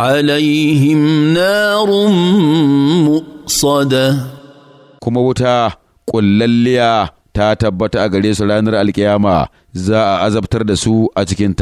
halayyihim na rum kuma wuta ƙullalliya ta tabbatu a gaɗe su ranar alƙiyama za a azabtar da su a cikin